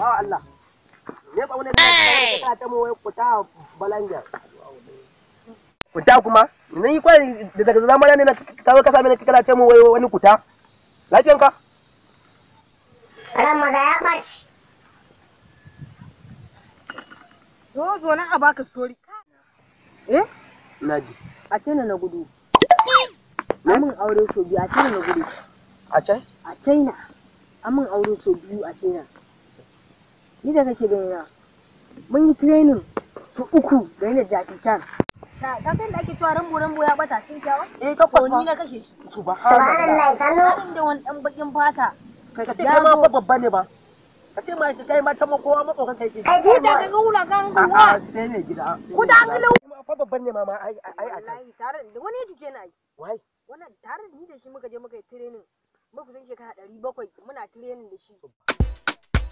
ba Allah ne ba wani da ta mu wai kuta balanja kuta kuma yi kwai da daga zamana ne na kawo ka same ni kana ce mu wai wani kuta lafiyanka ran maza ya ɓaci zo zo nan a baka story eh naji a ce na gudu amin aure so biyu a ce na gudu a can a china amin aure so biyu a china ni da kake gani na mun yi training su uku da yana jaki can ka san da ake cewa rambo rambo ya bata cikin kyawa eh ka kwasma ni na kashe shi subhanallah sanin da wani dan bakin fata kai ka ce kai ma babba ne ba ka ce ma kai ma ta ma kowa makokan kai ke kai da ga gula kan gwa a sai ne gida ku da angulu fa babban ne ma ma ai ai a can tare da wani jike na yi wai wannan tare da ni da shi muka je muka yi training muka san shekara 700 muna training da shi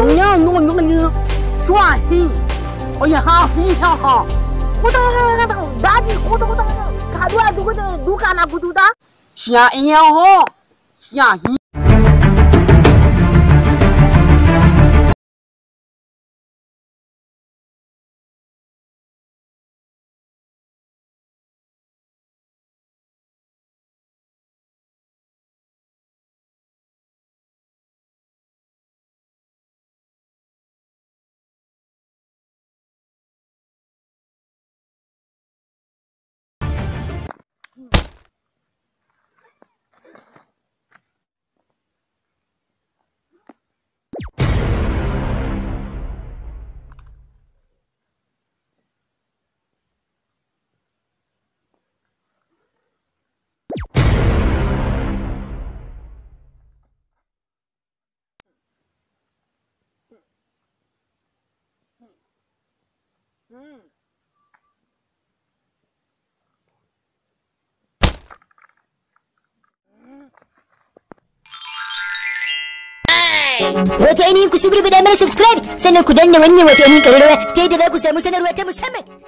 中央弄弄个你，算谁？哎呀，好非常好。我当那个那个垃圾，我当我当那个，看多少多个那个，都那不都得？是啊，好，是啊。Hmm. Wato ainihin ku shugurbi da mana subscribe sannan ku danna wannan wato ainihin ƙararrawa ta yadda za ku samu sanarwa ta musamman.